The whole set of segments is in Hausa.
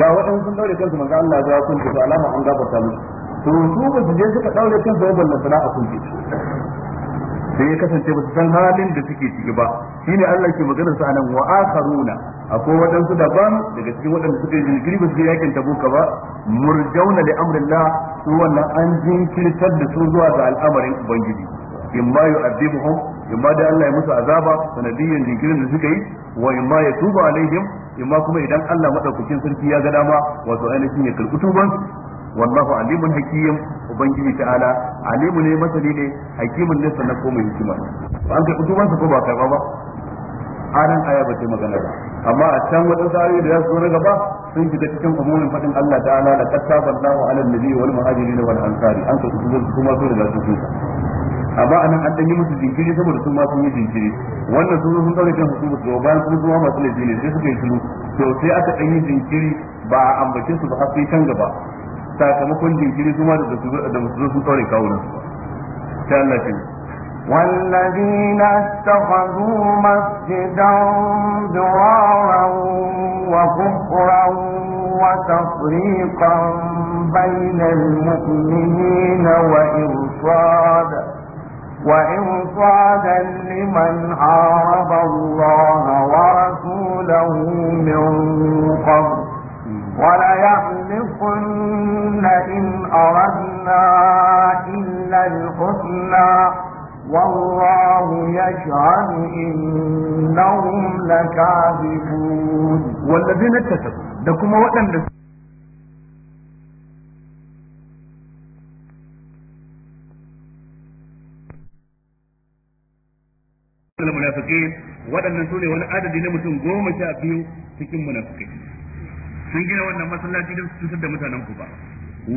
ga waɗansu sun daure kansu manzo Allah ya kunce to alama an gafarta musu to su ba su je suka daure kansu ba ballan sana'a kunce sai ya kasance ba su san halin da suke ciki ba shine Allah ke maganar sa nan, wa akharuna akwai waɗansu daban daga cikin waɗanda suka yi jinkiri ba su je yakin tabuka ba murjauna li amrillah su wannan an jinkirtar da su zuwa ga al'amarin ubangiji in ma yu'adhibuhum in ma da Allah ya musu azaba sanadiyan jinkirin da suka yi wa in ma yatubu alaihim in ma kuma idan Allah madaukakin sarki ya ga dama wato ainihin ya karbi tuban wallahu alimun hakim ubangiji ta'ala alimu ne masani ne hakimun ne sannan ko mai hikima ba an karbi tuban sa ko ba karba ba anan aya ba sai magana ba amma a can wadansu ayoyi da za su zo na gaba sun shiga cikin umumin fadin Allah ta'ala la qasaballahu ala nabiyyi wal muhajirin wal ansari an karbi tuban kuma sun da su amma anan an danyi musu jinkiri saboda sun ma sun yi jinkiri wannan sun zo sun dauke kan hukuma su bayan sun zuwa masu laifi ne sai suka yi shiru to sai aka ɗanyi jinkiri ba a ambace su ba har sai can gaba sakamakon jinkiri su ma da su zo sun tsore kawunan su sai Allah ya والذين اتخذوا مسجدا ضرارا وكفرا وتفريقا بين المؤمنين وإرصادا وإرصادا لمن حارب الله ورسوله من قبل وليحلفن إن أردنا إلا الحسنى والله يشهد إنهم لكاذبون والذين اتفقوا لكم وأن minal munafiki waɗannan sune wani adadi na mutum goma sha biyu cikin munafiki sun gina wannan masallaci don su cutar da mutanen ku ba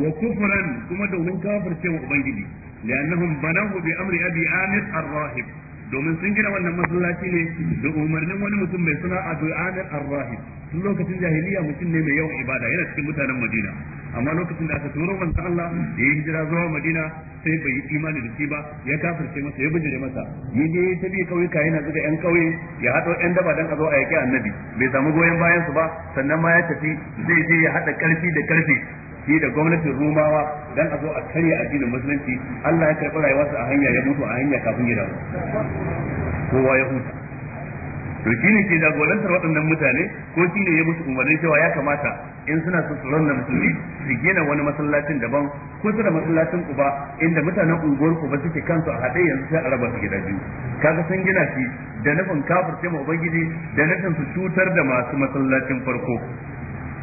wa kufran kuma domin kafirce wa ubangiji li'annahum banahu bi amri abi amir ar-rahib domin sun gina wannan masallaci ne da umarnin wani mutum mai suna abu amir ar-rahib tun lokacin jahiliya mutum ne mai yawan ibada yana cikin mutanen madina amma lokacin da aka turo manzo Allah ya yi hijira zuwa madina sai bai yi imani da ba ya kafirce masa ya bijire masa ya ne ta bi kauyuka yana zuga yan kauye ya hado yan daba dan a zo a yaki annabi bai samu goyon bayan su ba sannan ma ya tafi zai je ya haɗa karfi da karfi shi da gwamnatin rumawa dan a zo a karya addinin musulunci Allah ya karɓi rayuwarsa a hanya ya mutu a hanya kafin gida kowa ya huta to ne ke jagorantar waɗannan mutane ko shi ne ya musu umarni cewa ya kamata in suna su su rauna musulmi su gina wani masallacin daban ko su da masallacin uba inda mutanen unguwar uba suke kansu a haɗe yanzu sai a raba su gida biyu kaga sun gina shi da nufin kafir ce ma ubangiji da nufin su cutar da masu masallacin farko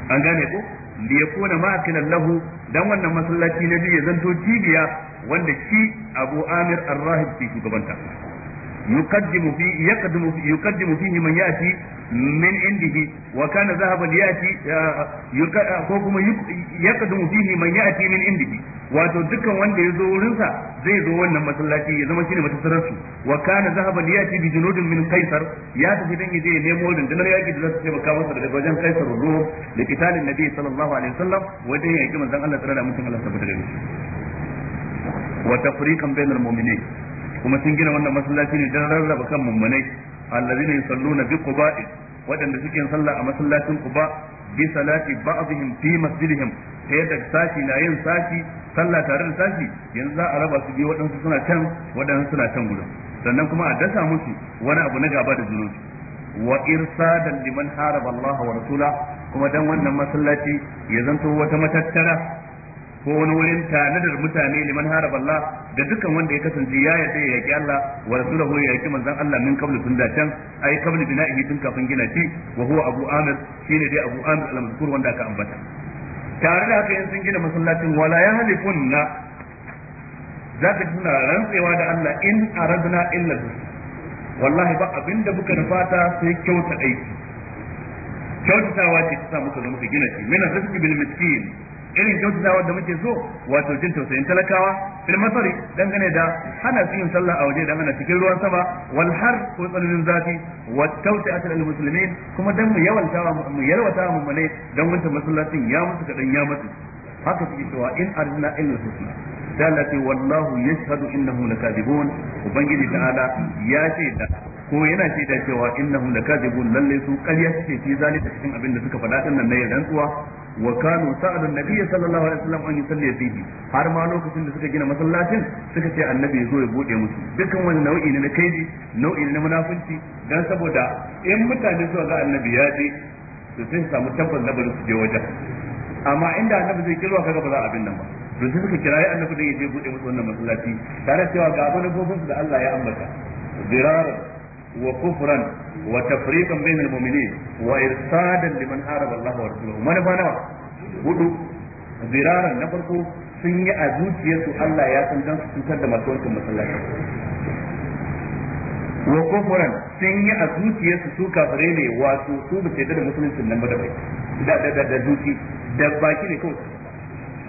an gane ko li yakuna ma'akilan lahu dan wannan masallaci na biyu ya zanto cibiya wanda shi Abu Amir ar ke shugabanta يقدم فيه يقدم فيه يقدم فيه من ياتي من عنده وكان ذهبا ياتي كما يقدم فيه من ياتي من عنده wato dukkan wanda ya zo wurinsa zai zo wannan masallaci ya zama shine matasarar su wa kana zahaban yati bi junudin min qaisar ya tafi dan yaje nemo rundunar yaki da za su ce baka masa daga wajen qaisar ruh da kitalin nabi sallallahu alaihi wasallam wajen yaki manzon Allah sallallahu alaihi wasallam Allah tabbata da shi wa tafriqan bainal mu'minin kuma sun gina wannan masallaci ne don rarraba kan mummunai allazina yusalluna bi quba'in waɗanda suke sallah a masallacin quba bi salati ba'dihim fi masjidihim ta yadda sashi na yin sashi sallah tare da sashi yanzu za a raba su biyu waɗansu suna can waɗansu suna can gudan sannan kuma a dasa musu wani abu na gaba da zunubi wa irsadan liman haraba Allah wa rasula kuma dan wannan masallaci ya zanto wata matattara ko wani wurin tanadar mutane liman harab Allah ga dukkan wanda ya kasance ya yarda ya yaki Allah wa rasuluhu ya yaki manzon Allah min kabli tun da can ai qablu bina'ihi tun kafin gina shi wa huwa Abu Amir shine dai Abu Amir al-mazkur wanda aka ambata tare da haka in sun gina masallacin wala za ka tuna rantsewa da Allah in aradna illa wallahi ba abinda muka fata sai kyauta aiki kyautatawa ce ta sa muka muka gina shi mina rizqi bil miskin irin kyautatawa da muke so wato jin tausayin talakawa fil masari dangane da hana su yin sallah a waje dan ana cikin ruwan sama wal har ko tsananin zafi wa tawsi'at al muslimin kuma dan mu yawalta mu yalwata mu mane dan wanta masallacin ya musu kadan ya musu haka suke cewa in arna illa husna dalati wallahu yashhadu innahum lakadibun ubangiji ta'ala ya ce da ko yana ce da cewa innahum lakadibun lalle su ƙarya suke fi zalika cikin abin da suka faɗa din nan na rantsuwa wa kanu sa'adu nabiyyi sallallahu alaihi wasallam an yusalli fihi har ma lokacin da suka gina masallacin suka ce annabi ya zo ya bude musu dukkan wani nau'i ne na kaidi nau'i ne na munafunci dan saboda in mutane zuwa ga annabi ya je su sai samu tabbas da su je wajen amma inda annabi zai kirwa kaga ba za a bin nan ba to sai suka kirayi annabi da ya je bude musu wannan masallaci tare cewa ga manufofin su da Allah ya ambata Zirar wa kufran wa tafriqan bainal mu'minin wa irsadan liman haraba Allah wa rasuluhu mana ba nawa hudu ziraran na farko sun yi a zuciyarsu Allah ya san dan su cutar da masu wancan masallaci wa kufran sun yi a zuciyarsu su kafare ne wato su ba da musuluncin nan ba da bai da da da zuci da baki ne kawai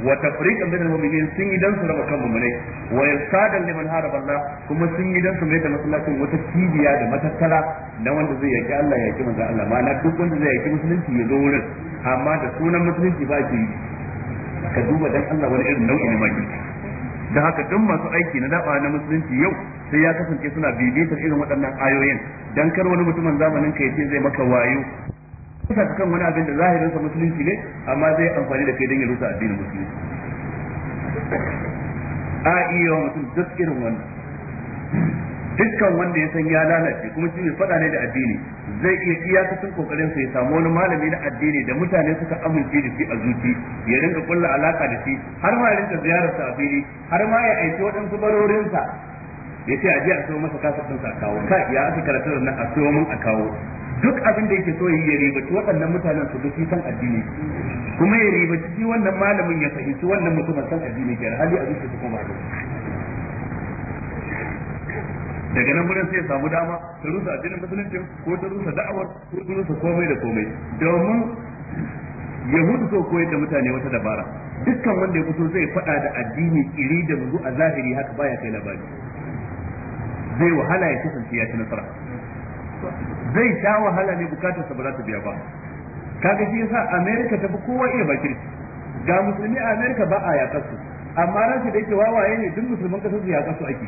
wa tafriqan bainal mu'minin sun yi dan su raba kan mu'minai wa irsadan liman haraba Allah kuma sun yi dan su mai da masallacin wata cibiya da matattara na wanda zai yaki Allah ya yaki manzo Allah na duk wanda zai yaki musulunci ya zo wurin amma da sunan musulunci ba ke ka duba dan Allah wani irin nau'i ne maki da haka duk masu aiki na daba na musulunci yau sai ya kasance suna bibitar irin waɗannan ayoyin dan kar wani mutumin zamanin ka yace zai maka wayo suka kan wani abin da zahirinsa musulunci ne amma zai amfani da kai don ya rusa addinin musulunci a iya mutum duk irin wani. dukkan wanda ya san ya lalace kuma shi ne faɗa ne da addini zai iya iyakacin kokarin sa ya samu wani malami na addini da mutane suka amince da shi a zuci ya rinka kulla alaka da shi har ma ya rinka ziyarar sa a fili har ma ya aiki waɗansu barorin sa ya ce a je a sayo masa kasafin sa a kawo ka ya aka karatu nan a sayo mun a kawo duk abin da yake so yi ya ribaci waɗannan mutanen su duk san addini kuma ya ribaci shi wannan malamin ya fahimci wannan mutumin san addini ke hali a zuciya kuma ba daga nan gurin sai ya samu dama ta rusa addinin musulunci ko ta rusa da'awar ko ta rusa komai da komai domin yahudu so koyar da mutane wata dabara dukkan wanda ya fito zai faɗa da addini iri da muzu a zahiri haka baya kai labari zai wahala ya kasance ya ci nasara zai sha wahala ne bukatar sa ba za ta biya ba kaga shi yasa America ta fi kowa iya bakirci ga musulmi a America ba a yakar su amma ran da yake wawaye ne duk musulman kasar su yakar su ake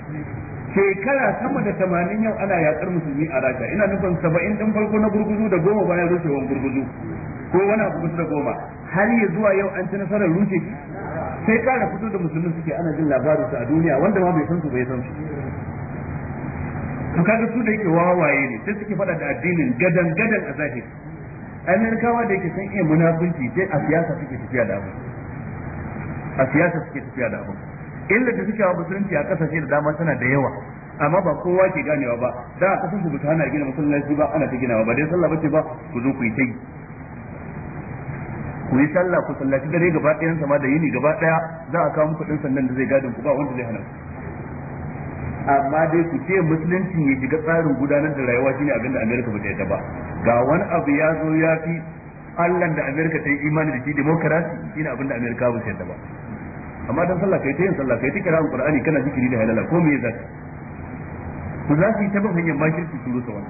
shekara sama da tamanin yau ana yakar musulmi a Rasha ina nufin saba'in din farko na gurguzu da goma bayan rushewar gurguzu ko wani abu da goma har ya zuwa yau an ci nasarar rushe sai kara fito da musulmi suke ana jin labarinsu a duniya wanda ma bai san su bai san su to kaga su da yake wawaye ne sai suke faɗa da addinin gadan gadan a zahiri amerikawa da yake san iya munafunci sai a siyasa suke tafiya da abu a siyasa suke tafiya da abu illa da suke wa musulunci a kasashe da dama suna da yawa amma ba kowa ke ganewa ba da a kasan ku hana gina musallaci ba ana ta ginawa ba dai sallah bace ba ku zo ku yi tai ku yi sallah ku sallaci dare gaba ɗayan sama da yini gaba ɗaya za a kawo muku ɗin sannan da zai gadin ku ba wanda zai hana ku amma dai ku ce musulunci ya shiga tsarin gudanar da rayuwa shine abin da Amerika ba ta yadda ba ga wani abu ya zo ya fi Allah da Amerika ta yi imani da shi demokarasi shine abin da Amerika ba ta yadda ba amma dan sallah kai ta yin sallah kai ta kira Qur'ani kana zikiri da halala ko me zaka ku za su yi ta hanyar makirci su rusa wani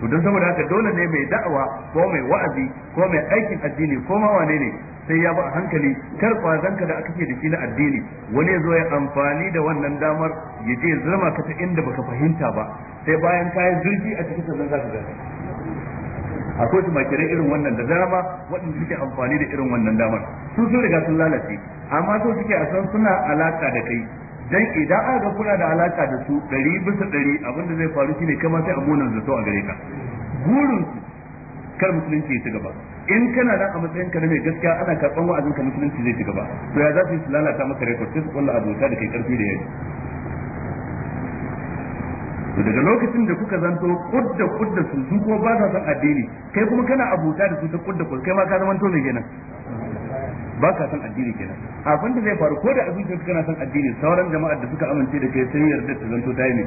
to don saboda haka dole ne mai da'awa ko mai wa'azi ko mai aikin addini ko ma wane ne sai ya ba a hankali kar kwazanka da aka ce da shi na addini wani zo ya amfani da wannan damar ya je zama ka ta inda baka fahimta ba sai bayan kayan zurfi a cikin sannan zaka gane akwai su makirai irin wannan da dama waɗanda suke amfani da irin wannan damar su sun riga sun lalace amma so suke a san suna alaka da kai dan idan aka ga kuna da alaka da su ɗari bisa ɗari abinda zai faru shine kama sai a munan zato a gare ka burin kar musulunci ya ci gaba in kana da a matsayin ka mai gaskiya ana karban wa'azin ka musulunci zai ci gaba to ya za su yi su lalata maka rekord sai su kulla abota da kai karfi da yaji to daga lokacin da kuka zanto kudda kudda su su ko ba sa son addini kai kuma kana abota da su ta kudda kudda kai ma ka zamanto ne kenan ba ka san addini kenan abin da zai faru ko da abin da kana san addini sauran jama'ar da suka amince da kai sai yarda ta zanto ta yi ne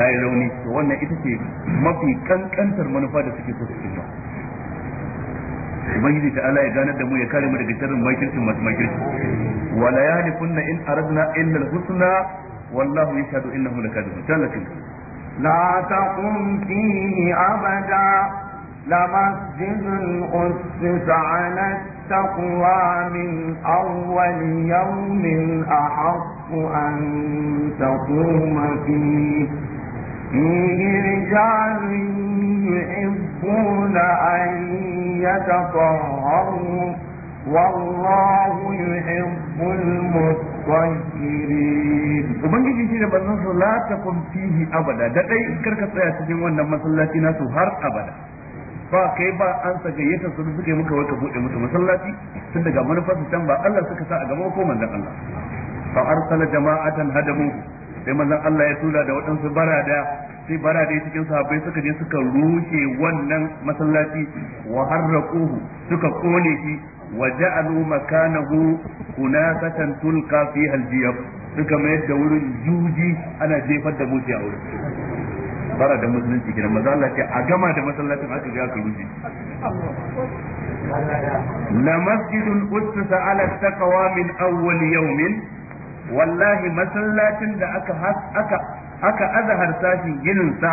ta yi rauni to wannan ita ce mafi kankantar manufa da suke so su cimma ubangiji ta ala ya ganar da mu ya kare mu daga sharrin makircin masu makirci wala ya ni kunna in aradna illa al-husna wallahu yashhadu innahum lakadibun talatin taqum fihi abada la masjidun أسس ala taqwa min awwal yawmin ahaqqu an taquma fihi فيه رجال يحبون أن يتطهروا والله يحب المطهرين ubangiji shi da bazan su la takun fihi abada da dai karka tsaya cikin wannan masallaci na su har abada ba kai ba an sa gayyata su suke muka wata bude musu masallaci tun daga manufar su can ba Allah suka sa a gaba ko manzon Allah fa arsala jama'atan hadamu sai manzon Allah ya tura da waɗansu barada sai barada cikin sahabbai suka je suka rushe wannan masallaci wa harraquhu suka kone shi wa ja'alu makanahu kunasatan tulqa fiha al-jiyab suka mayar da wurin juji ana jefar da mutu a wurin bara da musulunci kenan manzo Allah ce a gama da masallacin aka ga aka rushe la masjidul ussisa ala taqwa min awwal yawmin wallahi masallacin da aka aka aka azhar sashin ginin sa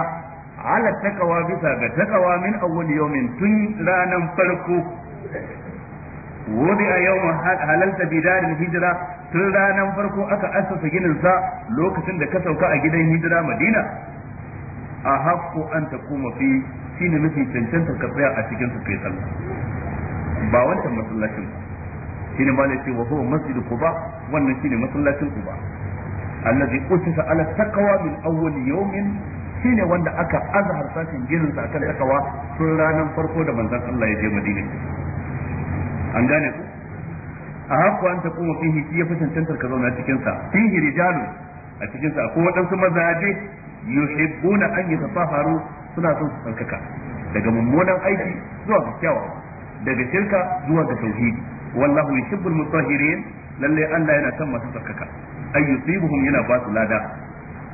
ala takawa bisa ga takawa min awwal yawmin tun ranan farko wudi a yawma halalta bidarin hijira tun ranan farko aka asasa ginin sa lokacin da ka sauka a gidan hijira madina a haƙƙo an ta kuma fi shine mafi cancanta ka tsaya a cikin su kai sallah ba wancan masallacin shine malai ce wa huwa masjidu quba wannan shine masallacin uba allazi qutisa ala taqwa min awwal yawmin shine wanda aka azhar sakin ginin sa akan takawa tun ranar farko da manzon Allah ya je Madina an gane ku a hakuwa an kuma fihi shi ya fi ka zauna cikin sa fihi rijalu a cikin sa akwai waɗansu mazaje yuhibbuna an yatafaharu suna son su tsarkaka daga mummunan aiki zuwa ga kyawawa daga shirka zuwa ga tauhidi wallahu yuhibbul mutahhirin lalle Allah yana son masu tsarkaka ay yusibuhum yana ba su lada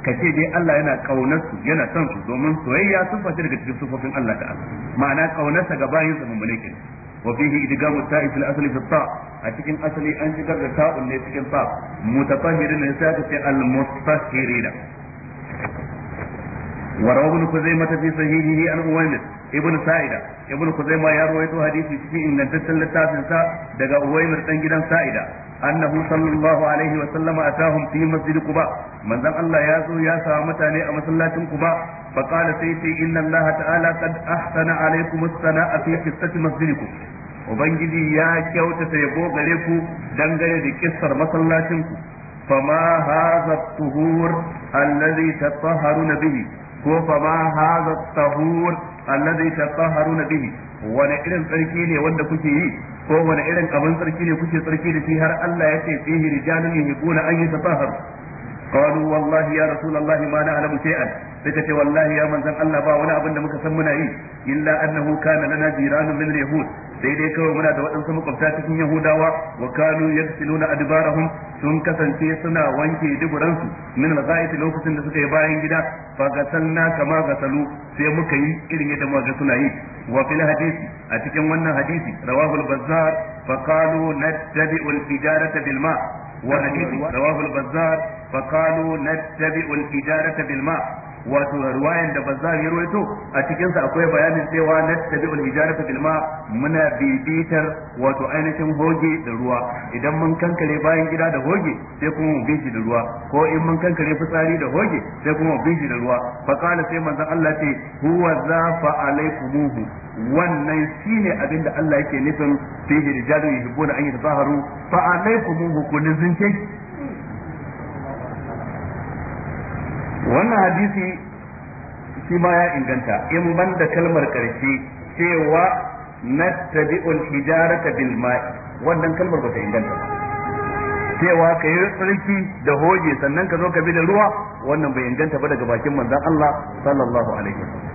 kace dai Allah yana kaunar su yana son su domin soyayya sun fata daga cikin sufofin Allah ta'ala ma'ana sa ga bayin sa mummune ke wa fihi idgamu ta'if al asli fi ta a cikin asali an shigar da ta'un ne cikin ta mutatahirin ne sai aka ce al mutahirina وروى ابن sahihihi في صحيحه ibn sa'ida Sa'ida kuzaima ya rawaito hadisi cikin في إن sa daga Uwaimir dan gidan Sa'ida. annahu sallallahu alaihi wa sallam atahum fi masjid quba manzon Allah ya zo ya samu mutane a masallacin quba fa qala sai sai inna Allah ta'ala qad ahsana alaikum as-sana'a fi qissati masjidikum ubangiji ya kyautata yabo gare ku dangane da kissar masallacin ku fama hadha tuhur alladhi tatahharuna bihi ko fama hadha alladhi tatahharuna bihi wani irin tsarki ne wanda kuke yi ko wani irin abin tsarki ne kuke tsarki da shi har Allah ya ce fihi rijalun yuhibbuna an yatahharu qalu wallahi ya rasulullahi ma na'lamu shay'an suka ce wallahi ya manzan Allah ba wani abin da muka san muna yi illa annahu kana lana jiranun min yahud sai dai kawai muna da waɗansu makwabta cikin yahudawa wa kanu yagsiluna adbarahum sun kasance suna wanke duburansu min al-ghaiz lokacin da suka yi bayan gida fa gasalna kama gasalu sai muka yi irin yadda muka suna yi wa fil hadisi a cikin wannan hadisi rawahu al-bazzar fa qalu nattabi'u al-tijarata bil ma' وحديث رواه البزار فقالوا wato ruwayan da bazzar yi ruwaito a cikinsa akwai bayanin cewa na tabi'ul ijarata bil ma muna bibitar wato ainihin hoge da ruwa idan mun kankare bayan gida da hoge sai kuma mu bishi da ruwa ko in mun kankare fitsari da hoge sai kuma mu bishi da ruwa fa qala sai manzon Allah ce huwa za fa alaikumuhu wannan shine abin da Allah yake nufin fi hijaru yuhibbuna an yatazaharu fa alaikumuhu kullu zinke. wannan hadisi shi ma ya inganta in ban da kalmar karshe cewa na nattabi'ul hijarata bil ma'i wannan kalmar ba ta inganta cewa ka yi tsarki da hoje sannan ka zo ka bi da ruwa wannan bai inganta ba daga bakin manzon Allah sallallahu alaihi wasallam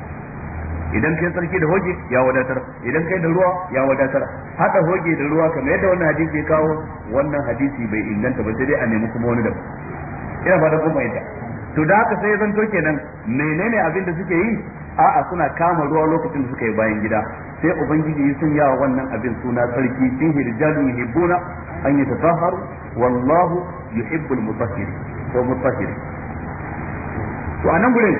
idan kai tsarki da hoge ya wadatar idan kai da ruwa ya wadatar hada hoge da ruwa kamar yadda wannan hadisi ya kawo wannan hadisi bai inganta ba sai dai a nemi kuma wani daban ina fatan kuma yadda. to da haka sai zanto kenan menene abin da suke yi a'a suna kama ruwa lokacin da suka yi bayan gida sai ubangiji ya sun yawa wannan abin suna sarki sun hirjalu yuhibbuna an tafahar wallahu yuhibbul mutahhir ko mutahhir to anan gure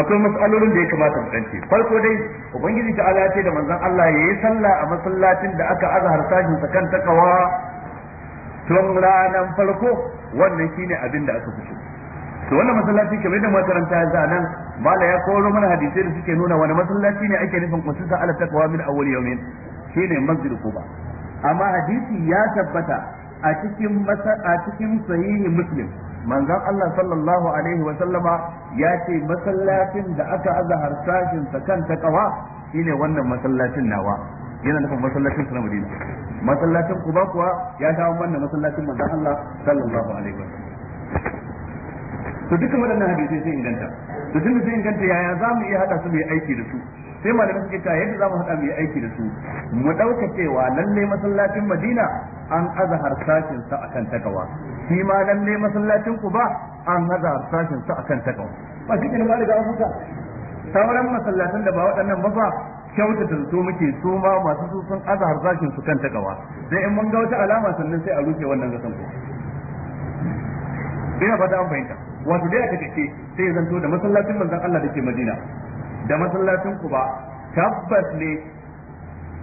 akwai mas'alolin da ya kamata mu dace. farko dai ubangiji ta ala ce da manzon Allah yayi sallah a masallacin da aka azhar sahin sakan kan takawa tun ranan farko wannan shine abin da aka fito to wannan masallaci kamar yadda makaranta yanzu a nan mala ya koro mana hadisai da suke nuna wani masallaci ne ake nufin kususa ala taqwa min awwal yawmin shine masjid quba amma hadisi ya tabbata a cikin a cikin sahihi muslim manzon Allah sallallahu alaihi wa sallama ya ce masallacin da aka azhar sashin sa kan taqwa shine wannan masallacin nawa yana nufin masallacin na Madina masallacin Quba kuwa ya dawo wannan masallacin manzon Allah sallallahu alaihi wa sallam to dukkan waɗannan hadisai sai inganta to tun sai inganta yaya za mu iya haɗa su mu yi aiki da su sai malamin suke ta yadda za mu haɗa mu yi aiki da su mu ɗauka cewa lalle masallacin madina an aza harsashin sa akan takawa shi ma lalle masallacin ku ba an aza harsashin sa akan takawa ba shi ne ba daga afuka sauran masallatan da ba waɗannan ba ba da so muke so ma masu su sun aza harsashin su kan takawa sai in mun ga wata alama sannan sai a rufe wannan zaton ko ina fata an fahimta wato dai aka tace sai zanto da masallacin manzon Allah dake Madina da masallacin ba, tabbas ne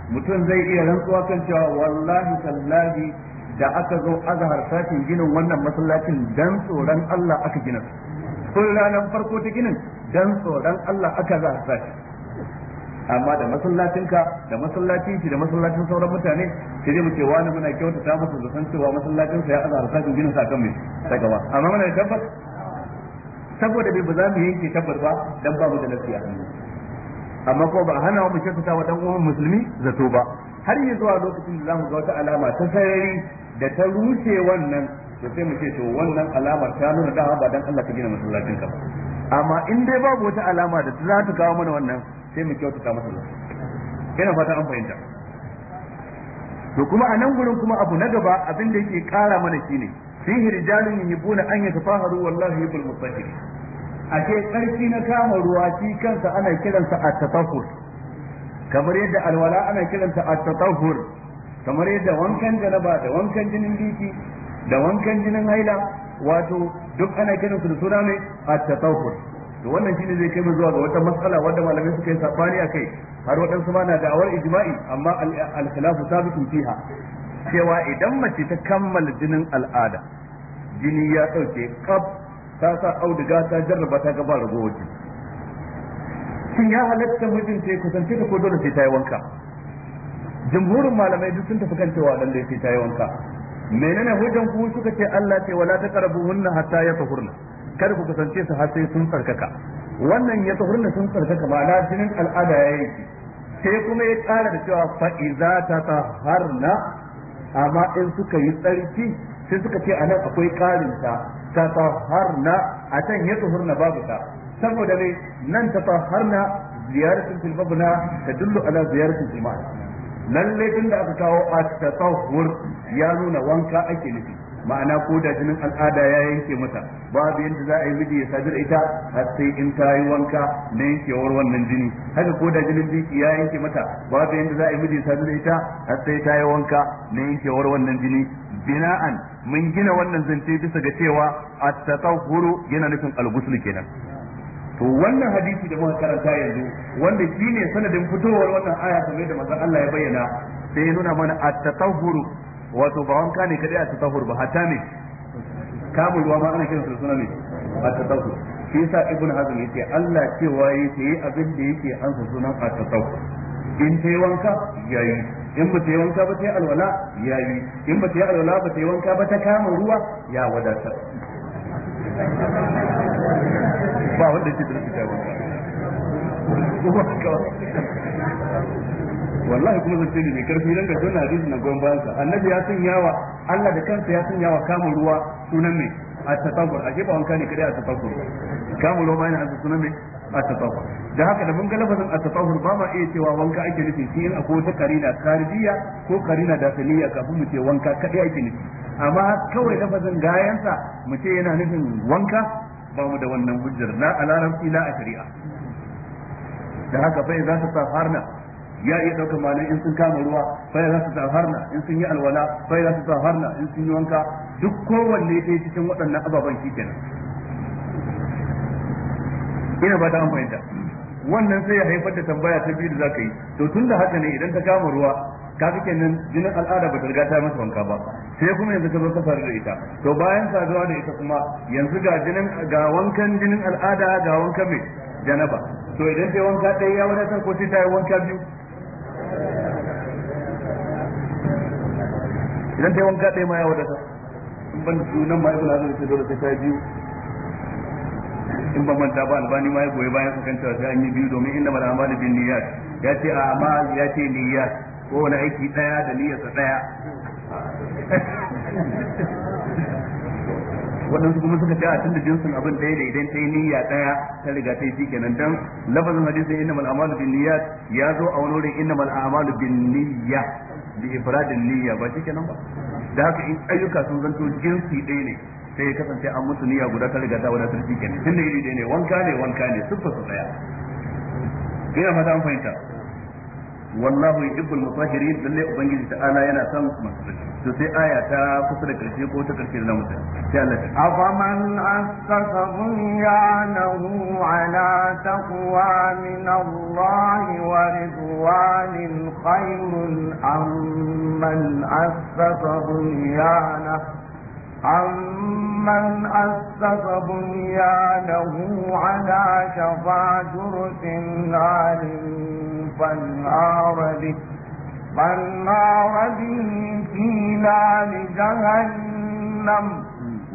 mutum zai iya rantsuwa kan cewa wallahi tallahi da aka zo azhar satin ginin wannan masallacin dan tsoron Allah aka gina su, kun ranar farko ta ginin dan tsoron Allah aka za a amma da masallacinka da masallacin shi da masallacin sauran mutane sai dai muke wani muna kyautata musu da san cewa masallacin sa ya azhar sakin ginin sa kan mai daga ba amma muna da tabbas saboda bai ba za mu yanke tabbas ba dan ba mu da lafiya amma ko ba hana mu kyautata wa dan uwan musulmi zato ba har yi zuwa lokacin da zamu ga wata alama ta sarari da ta rushe wannan to sai mu ce to wannan alama ta nuna da ba dan Allah ka gina masallacin ka amma in dai babu wata alama da za ta kawo mana wannan sai mu kyautata masa ina fata an fahimta to kuma a nan gurin kuma abu na gaba abin da yake kara mana shine fihi rijalun yuhibbuna an yatafaharu wallahu yuhibbul mutahhirin ake tsarki na kama ruwa shi ana kiransa at-tatahhur kamar yadda alwala ana kiransa at-tatahhur kamar yadda wankan janaba da wankan jinin biki da wankan jinin haila wato duk ana kiransu da suna ne at-tatahhur to wannan shine zai kai mu zuwa ga wata matsala wanda malamai suka yi sabani kai, har waɗansu ma na da'awar ijma'i amma al-khilafu sabitun fiha cewa idan mace ta kammala jinin al'ada jini ya sauke kaf ta sa auduga ta jarraba ta gaba rago waje shin ya halatta mijin ta kusance ta ko dole sai ta yi wanka jumhurin malamai duk sun tafi kan cewa dan sai ta yi wanka menene hujjan ku suka ce Allah ce wala taqrabuhunna hatta yatahurna kada ku kusance su har sai sun tsarkaka wannan ya tahurna sun tsarkaka ma'ana jinin al'ada ya yayi sai kuma ya kara da cewa fa iza ta taharna amma in suka yi tsarki sai suka ce anan akwai ƙarin ta ta taharna a can ya tuhurna babu ta saboda ne nan ta taharna ziyaratun fil ta dullu ala ziyaratun fil ma'ana lalle tunda aka kawo ta tatahhur ya nuna wanka ake nufi ma'ana ko da jinin al'ada ya yanke mata babu yadda za a yi miji ya sadar ita har sai in ta yi wanka na yankewar wannan jini haka ko da jinin biki ya yanke mata babu yadda za a yi miji ya sadar ita har sai ta yi wanka na yankewar wannan jini bina'an mun gina wannan zance bisa ga cewa at-tatahhuru yana nufin al-ghusl kenan to wannan hadisi da muka karanta yanzu wanda shine sanadin fitowar wannan aya kamar da manzon Allah ya bayyana sai ya nuna mana at-tatahhuru wato ba wanka ne kadai a tatahur ba hatta ne kamun ruwa ma ana kiransa da suna ne a tatahur shi yasa ibnu hazm yace Allah cewa yace yi abin da yake an sunan a tatahur in ta yi wanka yayi in ba ta yi wanka ba ta yi alwala yayi in ba ta yi alwala ba ta yi wanka ba ta kama ruwa ya wadatar ba wanda ke da shi ta wanka wallahi kuma zan ce mai karfi dan ga na hadisi na goyon bayan sa annabi ya sanya wa Allah da kansa ya sanya wa kama ruwa sunan mai a tasawwur ashe ba wanka ne kadai a tasawwur kama ruwa yana da sunan mai a tasawwur da haka da mun ga lafazin a tasawwur ba ma iya cewa wanka ake nufi shi in akwai wata karina karibiya ko karina dakhiliya kafin mu ce wanka kadai ake nufi amma kawai lafazin gayansa mu ce yana nufin wanka ba mu da wannan hujjar la a larabci la a shari'a da haka fa za ta safarna ya iya ɗaukar malai in sun kama ruwa fa za su taharna in sun yi alwala fa za su taharna in sun yi wanka duk kowanne dai cikin waɗannan ababen kenan ina ba ta an fahimta wannan sai ya haifar da tambaya ta biyu da za ka yi to tun da haka ne idan ta kama ruwa fi kenan jinin al'ada ba ta riga ta masa wanka ba sai kuma yanzu ka zo ka faru da ita to bayan saduwa da ita kuma yanzu ga jinin ga wankan jinin al'ada ga wankan mai janaba to idan sai wanka ɗaya ya wadatar ko sai ta yi wanka biyu idan ta yi wanka ɗaya ma ya wadata in ban sunan ma ibn hazm ce dole sai ta biyu in ban manta ba albani ma ya goyi bayan sukan cewa sai an yi biyu domin inda mal amalu bin niyyat ya ce a amma ya ce niyyat ko wani aiki ɗaya da niyyarsa ɗaya. waɗansu kuma suka ce a tun da jinsin abin ɗaya da idan ta yi niyya ɗaya ta riga ta yi shi kenan dan lafazin hadisin innamal a'malu bin niyyat ya zo a wani wurin innamal a'malu bin niyya bi ifradin niyya ba nan ba da haka in ayyuka sun zanto jinsi ɗaya ne sai ya kasance an musu niyya guda ta riga ta wadatar shikenan tunda iri ɗaya ne wanka ne wanka ne siffa su tsaya ina fata an fahimta wallahu yuhibbul mutahhirin lalle ubangiji ta'ala yana son masu to sai aya ta kusa da karshe ko ta karshe na mutum sai Allah ta afaman asqasa bunyanahu ala taqwa min Allah wa ridwanin khairun amman asqasa bunyanahu عمن أسس بنيانه على شفا جرس نار فانهار به فانهار به في نار جهنم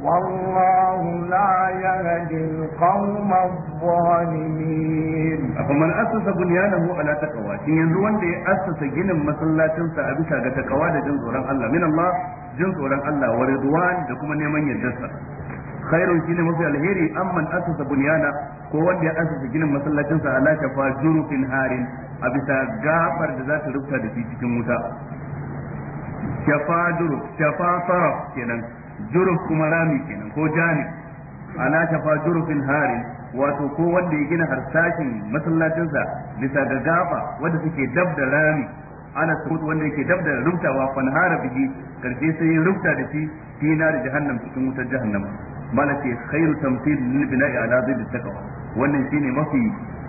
والله لا يهدي القوم الظالمين فمن أسس بنيانه على تقوى ينزو وند أسس جن مسلاتين سأبسا تقوى Allah زوران الله من الله جن زوران الله ورضوان دكما نيمان يجسر khairun shine mafi alheri amman asasa bunyana ko wanda ya asasa ginin masallacin sa ala shafa jurufin harin a bisa gabar da za ta rubuta da shi cikin wuta shafa juruf shafa saraf kenan juruf kuma rami kenan ko jani ala shafa jurufin hari wato ko wanda ya gina harsashin masallacinsa bisa ga gafa wanda suke dab da rami ana sukut wanda yake dab da rubtawa fanhara bihi karje sai ya rubta da shi fi da jahannam cikin wutar jahannam malaka khairu tamthil lil bina'i ala dhill taqwa wannan shine mafi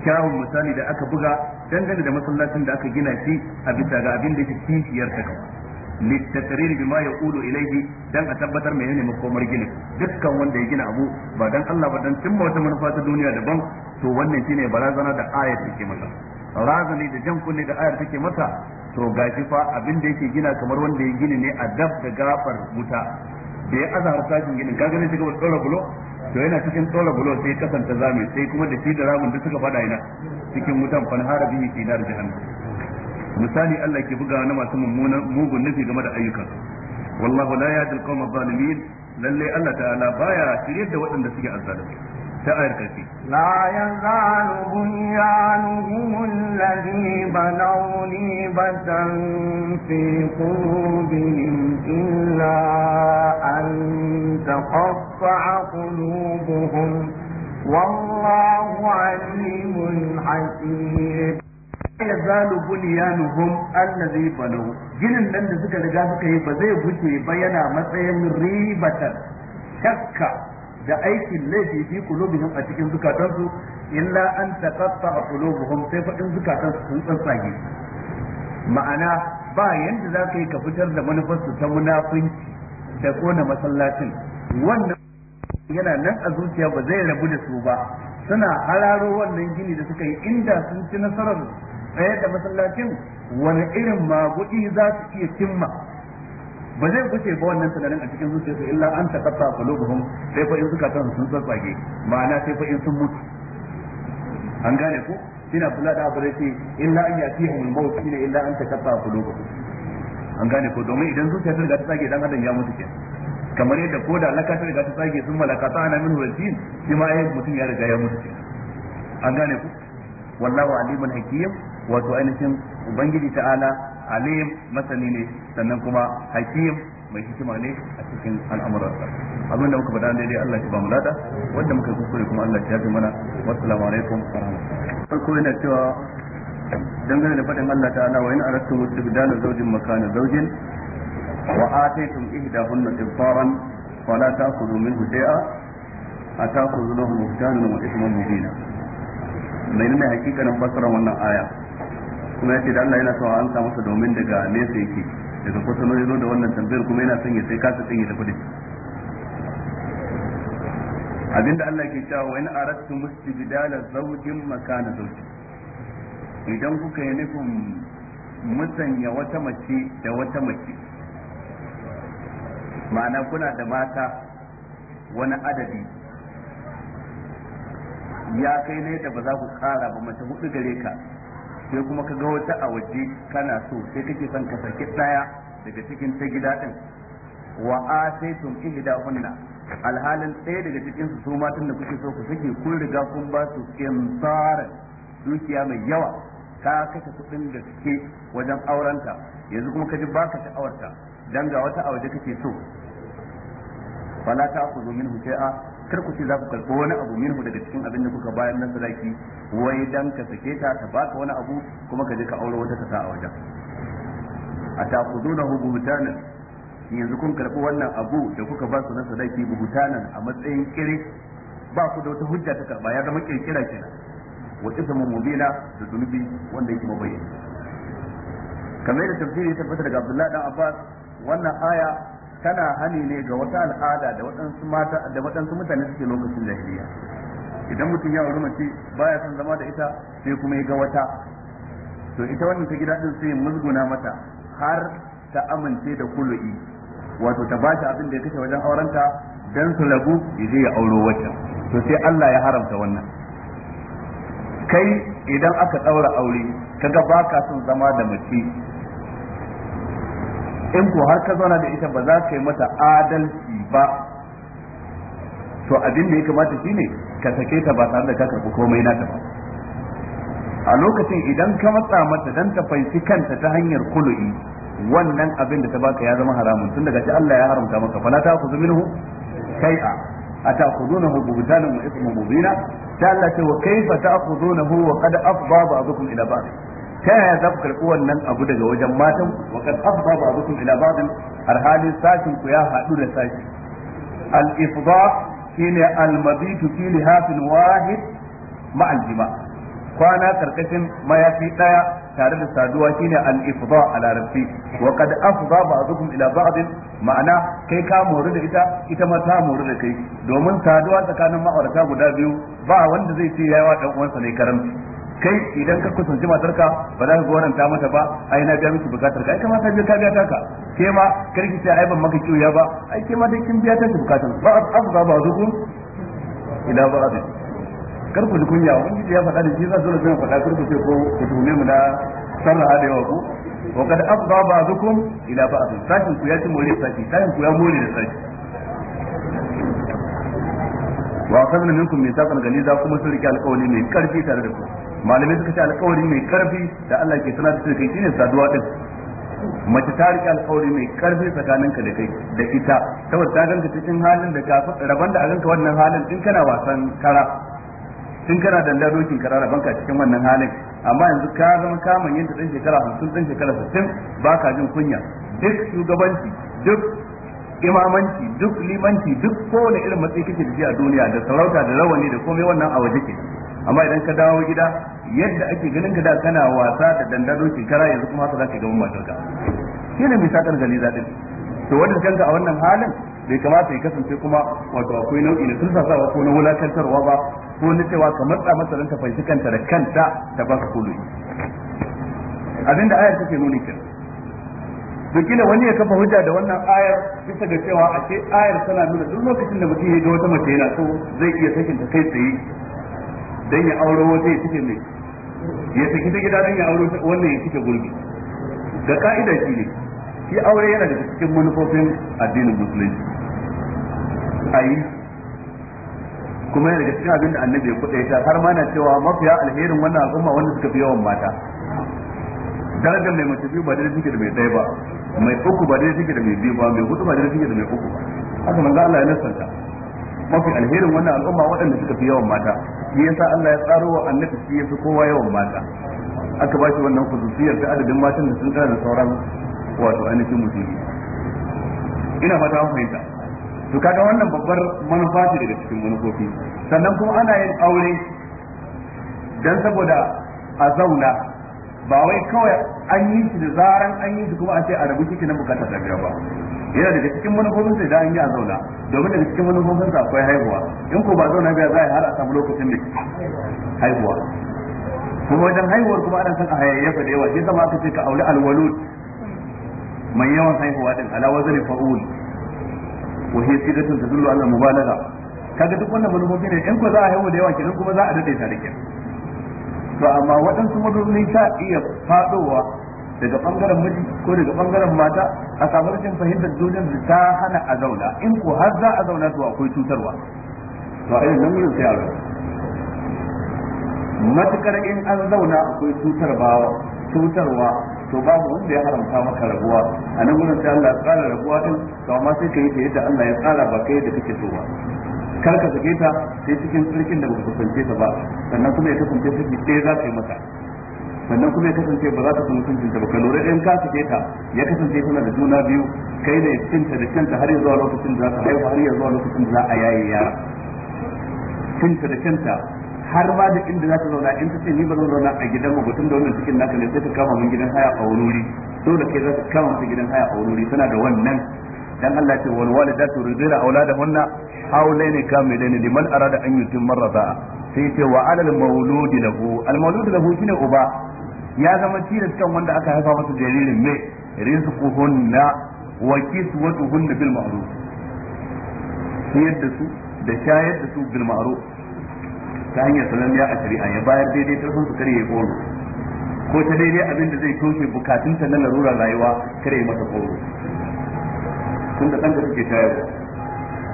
kyawun misali da aka buga dangane da masallacin da aka gina shi a bisa ga abin da yake kishiyar taqwa littattarir bima ya kudu ilaihi dan a tabbatar mai ne makomar gina dukkan wanda ya gina abu ba dan Allah ba dan cimma wata manufa ta duniya daban to wannan shine barazana da ayat take masa razani da jan kunne da ayar take masa to gashi fa abin da yake gina kamar wanda ya gini ne a dab da gafar wuta da ya azhar sakin ginin kaga ne shiga tsora bulo to yana cikin tsora bulo sai kasanta zamu sai kuma da shi da ramin da suka fada ina cikin wutan fanhara bihi fi nar jahannam misali Allah ke buga na masu mummunan mugun nufi game da ayyukansu wallahu la yahdi al-qawma adh-dhalimin lalle Allah ta'ala baya shiryar da waɗanda suke azzalimi ta ayar kafi la yanzalu bunyanuhum alladhi banawni batan fi qulubihim illa an taqaffa qulubuhum والله عليم حكيم ya zalu bunyanuhum allazi banu ginin nan da suka riga suka yi ba zai buce ba yana matsayin ribatan shakka da aikin laifi fi qulubihim a cikin zukatansu illa an taqatta qulubuhum sai fadin zukatansu sun tsantsage ma'ana ba yanda za ka fitar da manufarsu ta munafunci da kona masallacin wannan yana nan a zuciya ba zai rabu da su ba suna hararo wannan gini da suka yi inda sun ci nasarar tsayar da masallacin wani irin magudi za su iya cimma ba zai guce ba wannan tunanin a cikin zuciyarsu illa an taqatta qulubuhum sai fa in suka san sun tsatsage ma'ana sai fa in sun mutu an gane ku ina kula da abu da ce illa an yatihum al-maut shine illa an kafa qulubuhum an gane ku domin idan zuciya ta riga ta tsage dan adam ya mutu kenan kamar yadda ko da laka ta riga ta tsage sun malakata ana min rajin shi ma ai mutum ya riga ya mutu kenan an gane ku wallahu alimun hakim wato ainihin ubangiji ta'ala alim masani ne sannan kuma hakim mai hikima ne a cikin al'amuransa abin da muka faɗa ne dai Allah ya ba mu lada wanda muka kuskure kuma Allah ya ji mana wassalamu alaikum wa rahmatullahi farko yana cewa dangane da faɗin Allah ta'ala wa in aradtum istibdala zawjin makana zawjin wa ataytum ihdahunna tibtaran fala ta'khudhu minhu shay'a أتأخذ له مهتانا وإثما مبينا nuna hakikanin fasaran wannan aya kuma ya ce da Allah yana so an sa masa domin daga nesa yake daga kusa ne zo da wannan tambayar kuma yana son ya sai kasa tsaye da tafi abinda Allah ke cewa wani aratu aradtu mustibdala zawjin makana zawji idan kuka yi nufin musanya wata mace da wata mace ma'ana kuna da mata wani adadi ya kai ne da ba za ku kara ba mace hudu gare ka sai kuma ka ga wata a waje kana so sai kake son ka saki daya daga cikin ta gida din wa ataytum ihdahunna alhalin ɗaya daga cikin su matan da kuke so ku saki, kun riga kun ba su imsara dukiya mai yawa ka kashe kuɗin da suke wajen aurenta yanzu kuma kaji ba ka ta'awarta, dan ga wata a waje kake so fala ta ku zo min a kar ku ce za ku karɓi wani abu minhu daga cikin abin da kuka bayar na sadaki wai dan ka sake ta ta baka wani abu kuma ka je ka aure wata ta sa a wajen a takudunahu buhutanan yanzu kun karɓi wannan abu da kuka ba su na sadaki buhutanan a matsayin kire ba ku da wata hujja ta karɓa ya zama kirkira kenan wa mu mubina da zunubi wanda yake mabayyana kamar yadda tafsiri ya tabbata daga Abdullahi dan Abbas wannan aya tana hani ne ga wata al'ada da waɗansu mata da waɗansu mutane suke lokacin jahiliya idan mutum ya auri mace baya son zama da ita sai kuma ya ga wata to ita wannan ta gida din sai musguna mata har ta amince da kulu'i wato ta ba shi abin da ya kashe wajen aurenta dan su lagu ya ya auro wata, to sai Allah ya haramta wannan kai idan aka ɗaura aure kaga baka son zama da mace in ko har ka zauna da ita ba za ka yi mata adalci ba to abin da ya kamata shine ka sake ta ba tare da ka karɓi komai nata ba a lokacin idan ka matsa mata dan ta faici kanta ta hanyar kulu'i wannan abin da ta baka ya zama haramun tun daga shi Allah ya haramta maka fala ta ku minhu kai'a atakhudhunahu bubtanan mu ithman mubina ta Allah ce wa kaifa ta'khudunahu wa qad afdha ba'dukum ila ba'd ta yaya za ku karɓi wannan abu daga wajen matan wa kad afda ba'dukum ila har halin sashin ku ya haɗu da sashi al ifda shine al mabitu fi lihafin wahid ma al jima kwana karkashin mayafi daya tare da saduwa shine al ifda a larabci wa kad afda ba'dukum ila ba'd ma'ana kai ka mori da ita ita ma ta mori da kai domin saduwa tsakanin ma'aurata guda biyu ba wanda zai ce yawa dan uwansa ne karamci kai idan ka kusanci matarka ba za ka goranta mata ba ai na biya miki bukatar ka ai kamar ka biya ka biya taka ke ma karki sai ai ban maka kiyoya ba ai ke ma dai kin biya taka bukatar ba abu ba ba zuku ila ba a kar ku ji kunya ji ya faɗa da shi za su da faɗa kar ku ce ko ku tume mu na sarra da yawa ku wa kada afdha ba'dukum ila ba'd sakin ku ya ci mori saki sakin ku ya mori da saki wa akhadna minkum mithaqan ganiza kuma sun rike alƙawari mai karfi tare da ku malamai suka ce alkawari mai karfi da Allah ke sanar da kai shine saduwa din mace ta rike alkawari mai karfi tsakaninka da kai da ita saboda ta ganka cikin halin da ka rabon da a ganka wannan halin din kana wasan kara tun kana da dokin kara rabon ka cikin wannan halin amma yanzu ka zama kamun yin dan shekara 50 dan shekara 60 baka jin kunya duk shugabanci duk imamanci duk limanci duk kowane irin matsayi kake da shi a duniya da sarauta da rawani da komai wannan a waje ke amma idan ka dawo gida yadda ake ganin ka da kana wasa da dandano shekara yanzu kuma haka zaka ga matarka ne mai sakar gani zadin to wannan kanka a wannan halin bai kamata ya kasance kuma wato akwai nau'i na tursasawa ko na wulakantarwa ba ko na cewa ka matsa masa ta fanci kanta da kanta ta ba ka kulu abinda ayar take nuni kin to wani ya kafa hujja da wannan ayar bisa ga cewa a ce ayar tana nuna duk lokacin da mutum ya ga wata mace yana so zai iya sakin ta kai tsaye dan ya auro wata ya cike mai ya saki ta gida dan ya auro wannan ya cike gurbi ga ka'ida shi ne shi aure yana da cikin manufofin addinin musulunci ayi kuma yana daga cikin abin da annabi ya kuɗe ta har ma na cewa mafiya alherin wannan al'umma wanda suka fi yawan mata darajar mai mace biyu ba da take da mai ɗaya ba mai uku ba da take da mai biyu ba mai hudu ba da take da mai uku ba haka manzo Allah ya lissanta mafi alherin wannan al'umma waɗanda suka fi yawan mata shi yasa Allah ya tsaro wa annabi shi yafi kowa yawan mata aka ba shi wannan khususiyar ta adadin matan da sun tsara da sauran wato ainihin musulmi ina fata an fahimta to kaga wannan babbar manufa ce daga cikin manufofi sannan kuma ana yin aure dan saboda a zauna ba wai kawai an yi shi da zaran an yi shi kuma a ce a rabu shi na bukata da biya ba yana daga cikin manufofin sai da an yi a zauna domin daga cikin manufofin sa akwai haihuwa in ko ba zauna biya za a yi har a samu lokacin da haihuwa kuma wajen haihuwar kuma ana son a hayayyafa da yawa sai zama aka ce ka aure alwalud mai yawan haihuwa din ala wazni fa'ul wa hiya sidatun tadullu ala mubalagha kaga duk wannan manufofi ne in ko za a haihu da yawa kenan kuma za a dade da kenan to amma waɗansu matsaloli ta iya faɗowa daga ɓangaren miji ko daga ɓangaren mata a samu rashin fahimtar junan da ta hana a zauna in ko har za a zauna to akwai cutarwa to a yanzu nan gurin sai a matukar in an zauna akwai cutarwa to babu wanda ya haramta maka rabuwa a nan gurin sai Allah ya tsara rabuwa din to amma sai ka yi ta yadda Allah ya tsara ba kai da kake so ba kar ka zage ta sai cikin tsirkin da ba kusance ta ba sannan kuma ya kasance take ɗaya za su yi mata sannan kuma ya kasance ba za ta kuma mutuncin ta ba ka lura ɗan ka sake ta ya kasance tana da juna biyu kai ne cinta da kanta har ya zuwa lokacin da za ta haihu har ya zuwa lokacin da za a yaye yara cinta da kanta har ma da inda za ta zauna in ta ce ni ba zan zauna a gidan mu batun da wannan cikin naka ne sai ta kama min gidan haya a wani wuri dole kai za ta kama min gidan haya a wani wuri tana da wannan dan Allah ce wal walidatu rizina auladahunna haulaini kamilain liman arada an yutim marrata sai ce wa alal mauludi lahu al mauludi lahu shine uba ya zama tilas kan wanda aka haifa masa jaririn me rizquhunna wa kiswatuhunna bil ma'ruf siyar da su da shayar da su bil ma'ruf ta hanyar salamiya a shari'a ya bayar daidai ta sun su kare ya ko ta daidai abin da zai toshe bukatunta na larurar rayuwa kare masa goro tun da kanta suke shayarwa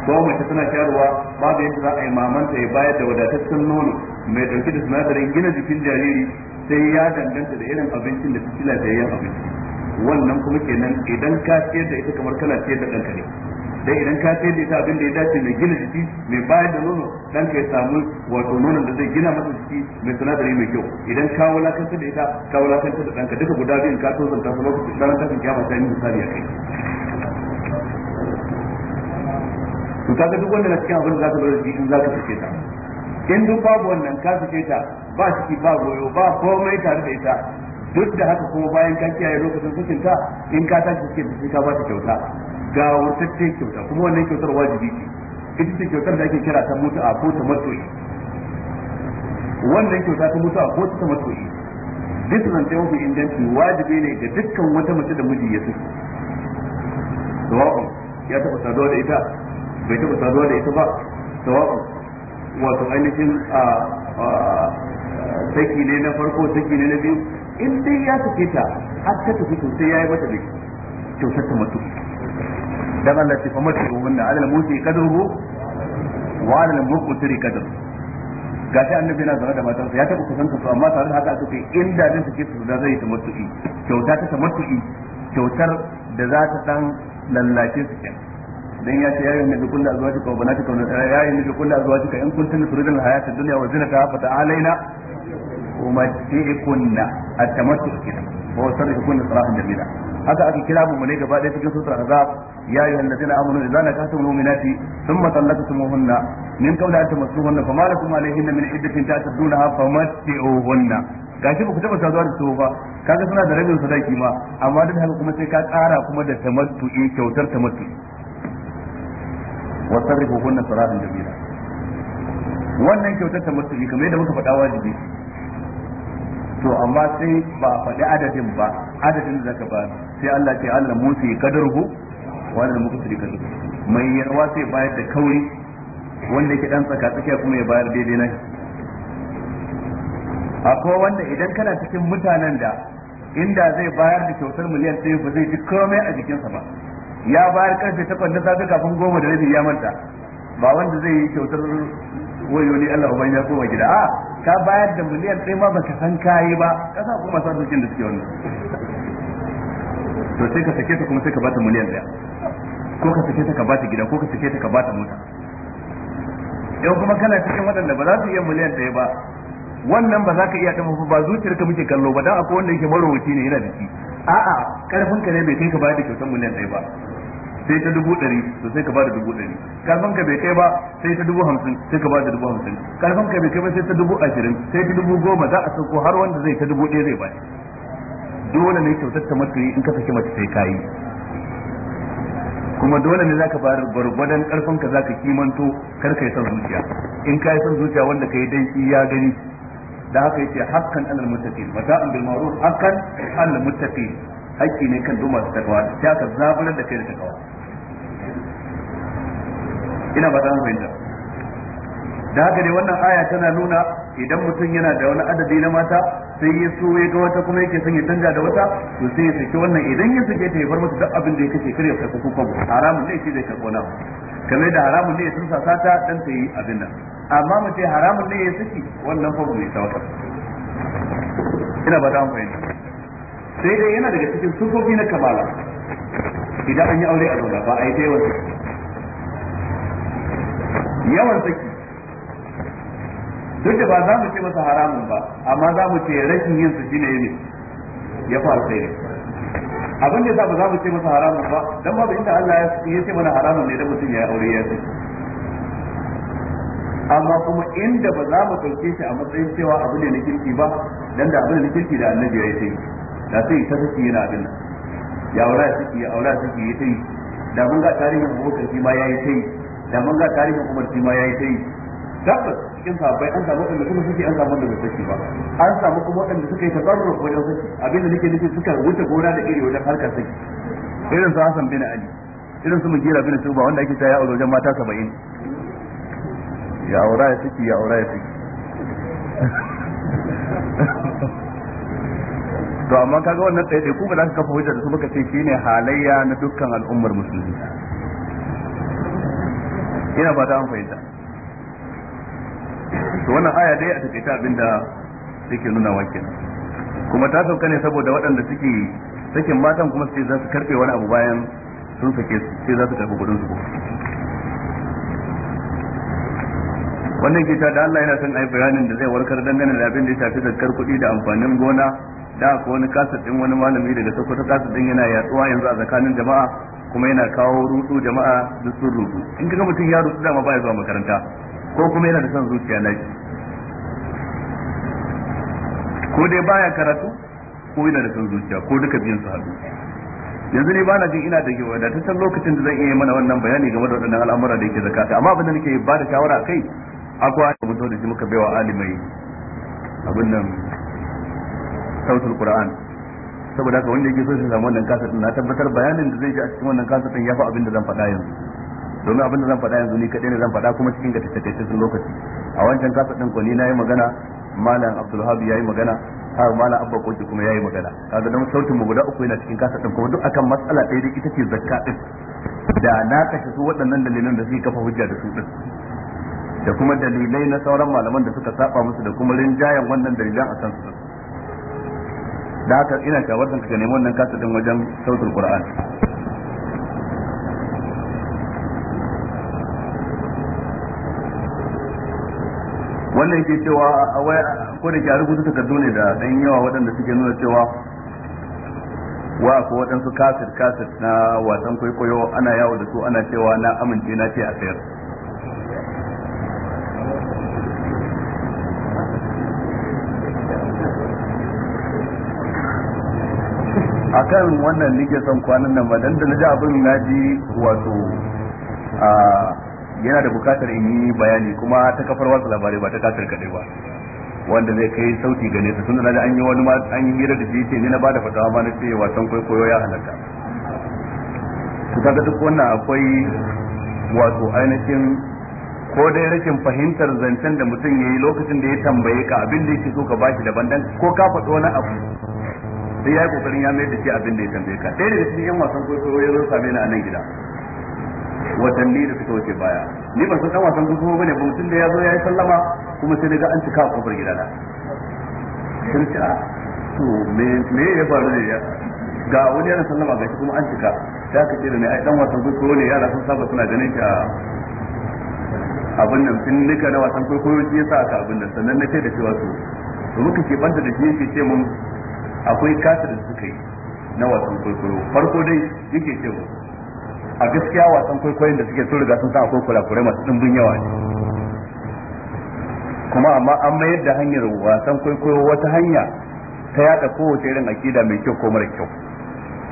ko mace tana shayarwa babu yadda za a yi mamanta ya bayar da wadataccen nono mai ɗauke da sinadarin gina jikin jariri sai ya danganta da irin abincin da suke lafiyayyen abinci wannan kuma kenan idan ka ciyar da ita kamar kana ciyar da ɗanka ne dai idan ka ciyar da ita abin da ya dace mai gina jiki mai bayar da nono ɗanka ya samu wato nonon da zai gina masa jiki mai sinadari mai kyau idan ka wulakanta da ita ka wulakanta da ɗanka duka guda biyun ka tozanta su lokacin ranar ya ba ta yi misali a kai to kaga duk wanda na cikin abin za zaka bar shi in zaka fice ta in duk babu wannan ka fice ta ba ciki ba goyo ba komai tare da ita duk da haka kuma bayan ka kiyaye lokacin cikin ta in ka tashi cikin sai ka ba ta kyauta ga wurtacce kyauta kuma wannan kyautar wajibi ce ita ce kyautar da ake kira ta a ko ta matsoyi wannan kyauta ta a ko ta matsoyi duk zance mafi inganci wajibi ne ga dukkan wata mace da miji ya so ya taɓa saduwa da ita bai taɓa saduwa da ita ba sawa'u wato ainihin a saki ne na farko saki ne na biyu in dai ya tafi ta har ta tafi sosai ya yi mata ne kyautar ta mutu dan Allah ta fama ta wannan alal kadar kadruhu wa alal muqtari kadar, ga sai annabi na zaune da matarsa ya taɓa kusanta su amma tare da haka suke in da zai sake su da zai ta mutu kyauta ta ta mutu kyautar da za ta dan lallace su kenan dan ya ce ya yi kullu azwajika wa banatika wa ya yi nabi kullu azwajika in kuntum turidun hayata dunya wa zinata fa ta'alaina umatti'ikunna at-tamattu wa sarrifukunna sarahan jamila haka aka kira mu ne gaba cikin sutura azab ya yi hallatin amanu idza nakahtum mu'minati thumma talaqtumuhunna min qawli an tamassuhunna fama lakum alayhinna min iddatin ta'tadunaha famatti'uhunna gashi ba ku taba saduwa da su ba kaga suna da rabin sadaki ma amma duk haka kuma sai ka ƙara kuma da tamattu'i kyautar tamattu'i wasarrifu kunna sarahan jamila wannan kyautar ta musulmi kamar yadda muka faɗa wajibi to amma sai ba faɗi adadin ba adadin da zaka ba sai Allah ce, Allah musu ya kadarhu wannan muka tsiri kadu mai yarwa sai bayar da kauri wanda yake dan tsaka tsakiya kuma ya bayar daidai nan akwai wanda idan kana cikin mutanen da inda zai bayar da kyautar miliyan ɗaya ba zai ji komai a jikinsa ba ya bayar karfe takwas na safe kafin goma da rabi ya manta ba wanda zai yi kyautar wayo ne Allah uban ya koma gida a ka bayar da miliyan ɗaya ma baka san kayi ba kasa kuma sa dokin da suke wannan to sai ka sake ta kuma sai ka bata miliyan ɗaya ko ka sake ta ka bata gida ko ka sake ta ka bata mota yau kuma kana cikin waɗanda ba za su iya miliyan ɗaya ba wannan ba za ka iya ta mafi ba zuciyar ka muke kallo ba don akwai wanda yake marowaci ne yana da shi a'a karfin ka ne bai kai ka bayar da kyautar miliyan ɗaya ba sai ta dubu ɗari to sai ka ba da dubu ɗari karfin ka bai kai ba sai ta dubu hamsin sai ka ba da dubu hamsin karfin ka bai kai ba sai ta dubu ashirin sai ta dubu goma za a sauko har wanda zai ta dubu ɗaya zai ba dole ne kyautar ta mace in ka saki mace sai ka yi kuma dole ne za ka bar gwargwadon karfin ka ka kimanto kar ka yi son zuciya in ka yi son zuciya wanda ka yi dan ya gani da haka yace hakkan alal muttaqin mata'an bil ma'ruf hakkan alal muttaqin haƙƙi ne kan duma su takawa ta ka zaburar da kai da takawa ina ba zan fahimta da haka ne wannan aya tana nuna idan mutum yana da wani adadi na mata sai ya so ya ga wata kuma yake son ya canja da wata to sai ya saki wannan idan ya saki ta ya bar mata duk abin da ya kace kare ya saki kuka haramun ne shi zai karɓo kona kamar da haramun ne ya sun sata dan ta yi abin nan amma mu ce haramun ne ya saki wannan fa ne ta wata ina ba ta fahimta sai dai yana daga cikin sufofi na kamala idan an yi aure a zauna ba a yi ta yawan saki yawan saki duk da ba za mu ce masa haramun ba amma za mu ce rashin yin su shine ne ya faru sai ne abin da yasa ba za mu ce masa haramun ba dan babu inda Allah ya ce mana haramun ne dan mutum ya aure ya ce amma kuma inda ba za mu ɗauke shi a matsayin cewa abu ne na kirki ba dan da abu ne na kirki da annabi ya yi da sai ta saki yana abin nan ya aura saki ya aura saki ya tai da mun ga tarihin Abubakar shi ma yayi tai da mun ga tarihin Umar shi ma yayi tai tabbas cikin sahabbai an samu wanda kuma saki an samu wanda suke ba an samu kuma wanda suka yi tabarruk wajen abin abinda nake nufi suka wuce gona da iri wajen harkar saki irin su Hassan bin Ali irin su Mugira bin Tuba wanda ake ta ya aure wajen mata 70 ya aura ya ya aura ya to amma kaga wannan tsaye ku ba za ka kafa hujjar da su baka ce shine halayya na dukkan al'ummar musulmi ina ba ta an fahimta to wannan aya dai a take ta abinda suke nuna wa kuma ta sauka ne saboda waɗanda suke sakin matan kuma ce za su karfe wani abu bayan sun sake su sai za su karbi kudin su wannan kita da Allah yana son yi bayanin da zai warkar dangane da abin da ya shafi zakar kuɗi da amfanin gona da ko wani kasar din wani malami daga sokoto kasar din yana yatsuwa yanzu a tsakanin jama'a kuma yana kawo rudu jama'a da sun rudu in kaga mutum ya rudu dama ya zuwa makaranta ko kuma yana da son zuciya shi ko dai baya karatu ko yana da son zuciya ko duka biyun su haɗu yanzu ne ba na jin ina da ke wadataccen lokacin da zan iya mana wannan bayani game da waɗannan al'amura da yake zakata amma abin da nake ba da shawara kai akwai da mutum da shi muka baiwa alimai abin nan sautin qur'an saboda haka wanda yake so shi samu wannan kasatin na tabbatar bayanin da zai ji a cikin wannan kasatin ya fa abin da zan faɗa yanzu domin abin da zan faɗa yanzu ni kadai ne zan faɗa kuma cikin gattakaitaccen lokaci a wancan kasatin ko ni yi magana malam abdulhab yayi magana har malam abba koki kuma yayi magana kaga dan sautin mu guda uku yana cikin kasatin kuma duk akan matsala ɗaya dai ita ce zakka din da na kashe su waɗannan dalilan da suke kafa hujja da su din da kuma dalilai na sauran malaman da suka saba musu da kuma rinjayen wannan dalilan a kansu da haka ina shawartar ka nemi wannan kasa din wajen sautul qur'an wannan ke cewa ko da ke rubuta takardu ne da dan yawa waɗanda suke nuna cewa wa ko waɗansu kasir kasir na wasan kwaikwayo ana yawo da su ana cewa na amince na ce a sayar A kan wannan nike son kwanan nan ba dan da na ji abin na ji wato yana da bukatar in yi bayani kuma ta kafar wasu labarai ba ta kasar kadai ba wanda zai kai sauti gane su tun da an yi wani an yi hira da shi ne ni na bada fatawa ma na ce wasan kwaikwayo ya halatta to kaga duk wannan akwai wato ainihin ko dai rashin fahimtar zancen da mutum ya yi lokacin da ya tambaye ka abin da yake so ka bashi daban dan ko ka faɗo wani abu sai ya yi kokarin ya mai da shi abin da ya tambaye ka ɗaya daga cikin yan wasan kwaikwayo ya zo same ni a nan gida watanni da suka wuce baya ni ban san ɗan wasan kwaikwayo ne ba mutum da ya zo ya yi sallama kuma sai daga an cika a kofar na sun ci a ah, to me ya faru ne ya ga wani yana sallama ga shi kuma an cika ta ka ce da ne ai ɗan wasan kwaikwayo ne yara sun saba suna ganin shi a abin nan sun nika na wasan kwaikwayo ya sa aka abin nan sannan na ce da cewa su to muka ke banta da shi yake ce mun akwai kasar da suka yi na wasan kwaikwayo farko dai yake cewa a gaskiya wasan kwaikwayon da suke sun riga sun san akwai kurakurai masu ɗimbin yawa ne kuma amma an mayar da hanyar wasan kwaikwayo wata hanya ta yada kowace irin akida mai kyau ko mara kyau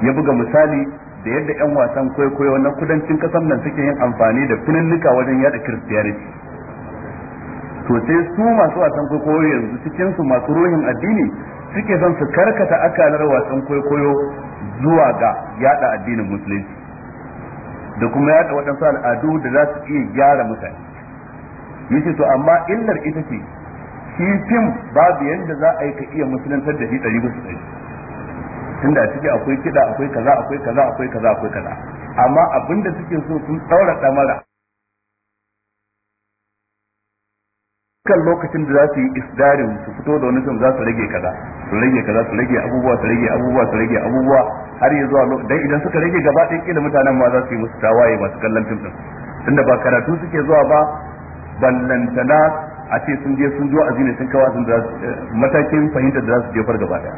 ya buga misali da yadda 'yan wasan kwaikwayo na kudancin kasan nan suke yin amfani da kunannuka wajen yada kiristiyaniti to sai su masu wasan kwaikwayo yanzu cikinsu masu ruhin addini suke zan su karkata akalar wasan kwaikwayo zuwa ga yada addinin musulunci da kuma yada waɗansu al'adu da za su iya gyara mutane yace to amma illar ita ce shi fim babu yadda za a yi ka iya musulantar da shi ɗari bisa ɗari tunda a ciki akwai kiɗa akwai kaza akwai kaza akwai kaza akwai kaza amma abinda suke so sun ɗaura ɗamara kan lokacin da za su yi isdarin su fito da wani sun za su rage kaza su rage kaza su rage abubuwa su rage abubuwa su rage abubuwa har ya zuwa lokacin idan suka rage gaba ɗaya ƙila mutanen ma za su yi musu tawaye masu kallon fim ɗin tunda ba karatu suke zuwa ba ballantana a ce sun je sun zo zine sun kawo sun eh, matakin fahimtar da za su jefar gaba ɗaya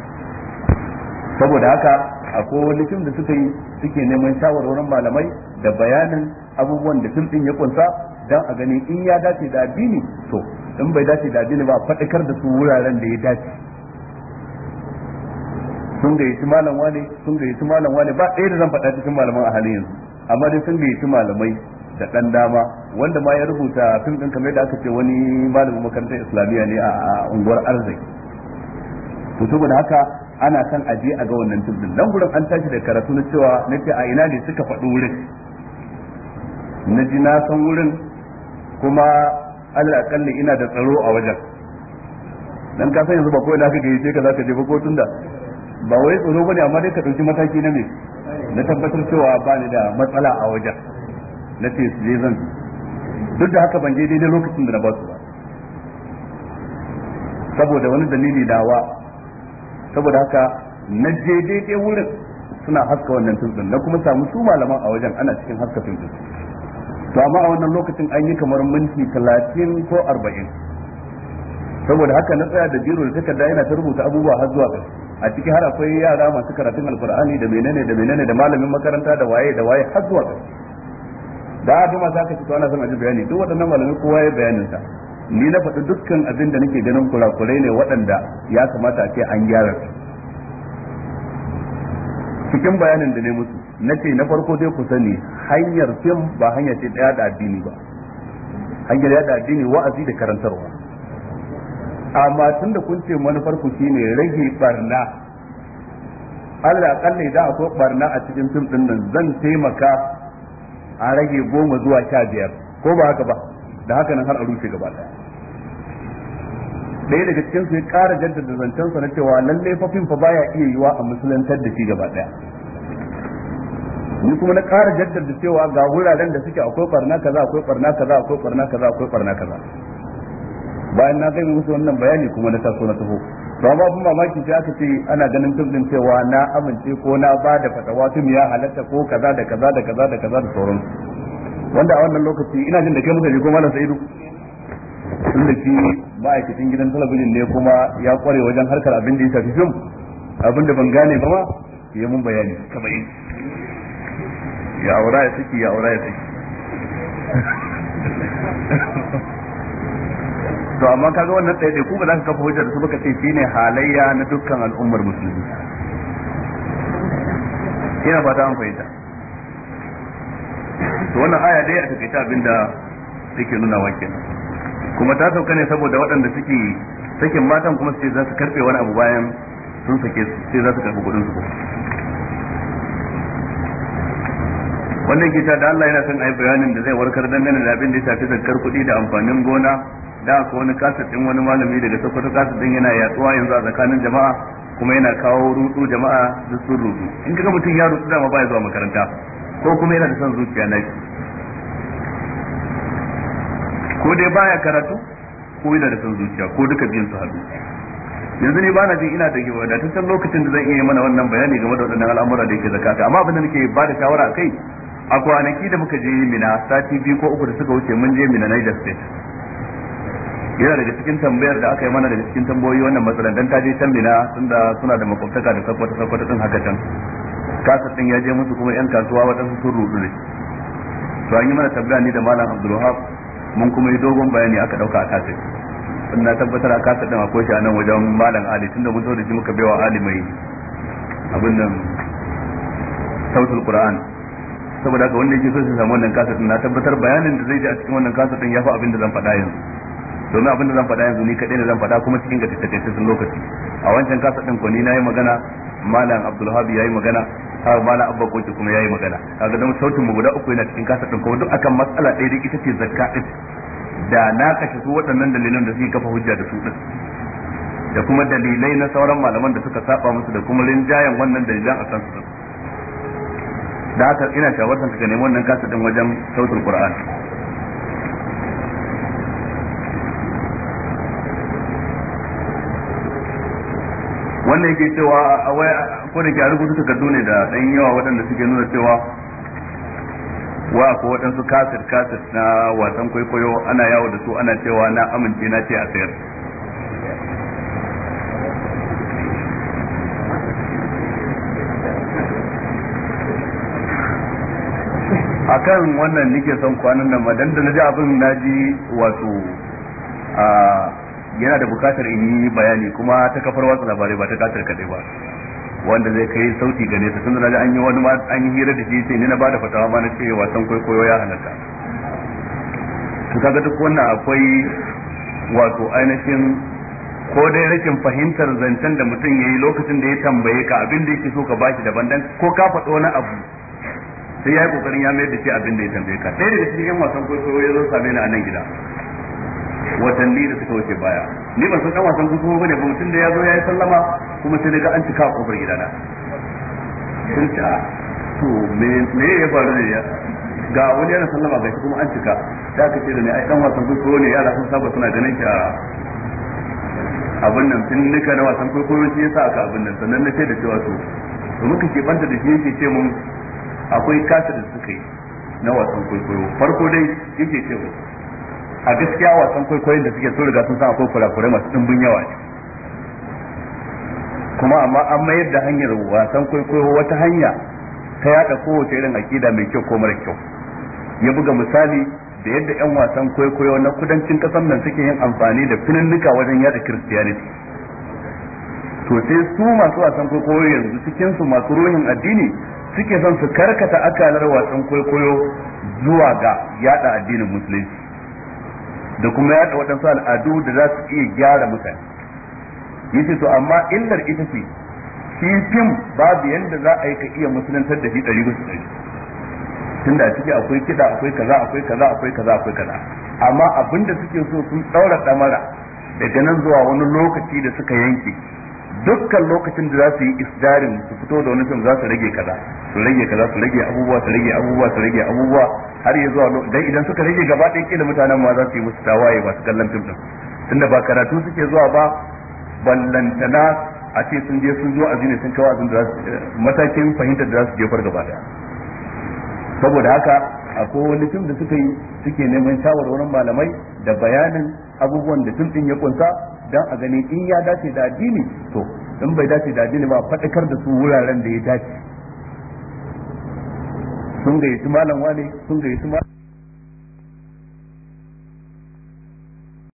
saboda haka akwai wani fim da suka yi suke neman shawarwarin malamai da bayanin abubuwan da fim ɗin ya kunsa don a gani in ya dace da addini to in bai dace da addini ba faɗakar da su wuraren da ya dace sun gayyaci malam wane sun gayyaci malam wane ba ɗaya da zan faɗa cikin malaman a halin yanzu amma dai sun gayyaci malamai da ɗan dama wanda ma ya rubuta fim ɗin kamar da aka ce wani malamin makarantar islamiyya ne a unguwar arziki, to saboda haka ana san a a ga wannan tudun nan gurin an tashi da karatu na cewa na ce a ina ne suka faɗi wurin na ji na san wurin kuma alal akalli ina da tsaro a wajen dan ka san yanzu ba na ina ka gaishe ka zaka je ba ko tunda ba wai tsoro bane amma dai ka dauki mataki na me na tabbatar cewa ba ni da matsala a wajen na ce su je zan duk da haka ban je daidai lokacin da na ba su ba saboda wani dalili dawa saboda haka na je daidai wurin suna haska wannan tuntun na kuma samu su malaman a wajen ana cikin haska tuntun to amma a wannan lokacin an yi kamar minti talatin ko arba'in saboda haka na tsaya da biro da takarda yana ta rubuta abubuwa har zuwa ƙarshe a ciki har akwai yara masu karatun alkur'ani da menene da menene da malamin makaranta da waye da waye har zuwa ƙarshe da a duma za ka ci ana son a ji bayani duk waɗannan malamai kowa ya bayanin sa ni na faɗi dukkan abin da nake ganin kurakurai ne waɗanda ya kamata a ce an gyara su cikin bayanin da ne musu na ce na farko dai ku sani hanyar fim ba hanyar ce ɗaya da addini ba hanyar da addini wa'azi da karantarwa amma tun da kun ce manufar ku shine rage barna Allah kalle da akwai barna a cikin fim din nan zan taimaka a rage goma zuwa sha biyar ko ba haka ba da haka nan har a rushe gaba daya ɗaya daga cikin su ya ƙara jaddada zancensa na cewa lalle fafin fa baya iya yiwa a musulantar da shi gaba daya ni kuma na ƙara jaddada cewa ga wuraren da suke akwai barna kaza akwai barna kaza akwai barna kaza akwai barna kaza bayan na kai musu wannan bayani kuma na taso na taho to amma abin mamaki sai aka ce ana ganin fim din cewa na amince ko na ba da fatawa tun ya halatta ko kaza da kaza da kaza da kaza da sauransu wanda a wannan lokaci ina jin da kai muka je ko malam sa'idu tun da shi ma'aikacin gidan talabijin ne kuma ya kware wajen harkar abin da ya shafi fim abin da ban gane ba ma ya mun bayani kama yi ya aura ya saki ya aura ya saki to amma kaga wannan tsaye ku ba za ka kafa hujjar su baka ce halayya na dukkan al'ummar musulmi ina fata an fahimta to wannan aya dai a takaita abinda take nuna wa kuma ta sauka ne saboda waɗanda suke sakin matan kuma sai za su karɓe wani abu bayan sun sake sai za su karɓi kuɗin su wannan kita da Allah yana son a bayanin da zai warkar dangane da abin da ya tafi zakar kuɗi da amfanin gona da ko wani kasar din wani malami daga sokoto kasar din yana yatsuwa yanzu a tsakanin jama'a kuma yana kawo rudu jama'a da sun rudu in kaga mutum ya rudu ba ya zuwa makaranta ko kuma yana da son zuciya na ko dai baya karatu ko yana da son zuciya ko duka biyun su haɗu yanzu ne bana jin ina da da san lokacin da zan iya mana wannan bayani game da waɗannan al'amura da yake zakata amma abin da nake ba da shawara kai, a kwanaki da muka je mina sati biyu ko uku da suka wuce mun je mina Niger State yana daga cikin tambayar da aka yi mana daga cikin tambayoyi wannan matsalan dan ta je can mina tunda suna da makwabtaka da sakwata sakwata din haka can kasa din ya je musu kuma yan kasuwa waɗansu sun rudu ne to an yi mana tambaya ni da malam abdulwahab mun kuma yi dogon bayani aka ɗauka a kasa na tabbatar a kasa din akwai shi a nan wajen malam ali tunda mun zo da shi muka baiwa ali mai abin nan sautul qur'an saboda ga wanda yake so su samu wannan kasa din na tabbatar bayanin da zai ji a cikin wannan kasa din fi abin da zan faɗa yanzu domin abin da zan faɗa yanzu ni kaɗai da zan faɗa kuma cikin ga sun lokaci a wancan kasa din ko ni na yi magana malam ya yayi magana har malam abba koki kuma yayi magana kaga dan sautin mu guda uku yana cikin kasa din kuma duk akan matsala ɗaya dai ita ce zakka din da na kashe su waɗannan dalilan da suke kafa hujja da su din da kuma dalilai na sauran malaman da suka saba musu da kuma rinjayen wannan dalilan a kansu da haka ina shawartar ka nemi wannan kasa wajen sautin qur'ani wannan yake cewa a wai ko da ke rubutu takardu ne da dan yawa waɗanda suke nuna cewa wa ko waɗansu kasir kasir na wasan kwaikwayo ana yawo da su ana cewa na amince na ce a sayar akan wannan nike son kwanan nan madan da na ji abin na ji wato a yana da bukatar in yi bayani kuma ta kafar watsa labarai ba ta katar kadai ba wanda zai kai sauti ga nesa tun da an yi wani an yi hira da shi sai ni na bada fatawa ma na ce wasan kwaikwayo ya halatta to kaga duk wannan akwai wato ainihin ko dai rashin fahimtar zancen da mutum ya yi lokacin da ya tambaye ka abin da yake so ka bashi daban dan ko ka faɗo wani abu sai ya yi kokarin ya mayar da shi abin da ya tambaye ka ɗaya daga cikin yan wasan kwaikwayo ya zo same ni a nan gida watanni da suka wuce baya ni ba san dan wasan kusurwa bane ba mutum da ya zo ya yi sallama kuma sai daga an cika kofar gidana sun ta to me ya faru ne ya ga wani yana sallama ga shi kuma an cika da aka ce da ne ai dan wasan kusurwa ne yara sun saba suna ganin ki a abin nan tun nika na wasan kwaikwayo shi yasa aka abin nan sannan na ce da cewa to to muka ke banta da shi yake ce mun akwai kasa da suka yi na wasan kwaikwayo farko dai yake ce mun a gaskiya wasan kwaikwayon da suke so riga sun san akwai kurakurai masu dimbin yawa ne kuma amma an mayar da hanyar wasan kwaikwayo wata hanya ta yada kowace irin akida mai kyau ko mara kyau ya buga misali da yadda 'yan wasan kwaikwayo na kudancin kasan nan suke yin amfani da fininnika wajen yada kiristiyaniti to sai su masu wasan kwaikwayo yanzu cikin su masu ruhin addini suke son su karkata akalar wasan kwaikwayo zuwa ga yada addinin musulunci da kuma yaɗa waɗansu al'adu da za su iya gyara mutane yace to amma illar ita ce shi fim babu yanda za a yi ka iya musulantar da shi ɗari su ɗari tunda a ciki akwai kiɗa akwai kaza akwai kaza akwai kaza akwai kaza amma abinda suke so sun ɗaura ɗamara daga nan zuwa wani lokaci da suka yanke dukkan lokacin da za su yi isdarin su fito da wani fim za su rage kaza su rage kaza su rage abubuwa su rage abubuwa su rage abubuwa har ya zuwa dai idan suka rage gaba ɗaya kila mutanen ma za su yi musu tawaye ba su kallon fim ɗin tunda ba karatu suke zuwa ba ballantana a ce sun je sun zo a azini sun kawo abin da za su matakin fahimtar da za su jefar gaba ɗaya saboda haka akwai wani fim da suka yi suke neman shawarwarin malamai da bayanin abubuwan da fim ɗin ya kunsa dan a gani in ya dace da addini to in bai dace da addini ba faɗakar da su wuraren da ya dace sun gayyaci malam wane sun gayyaci malam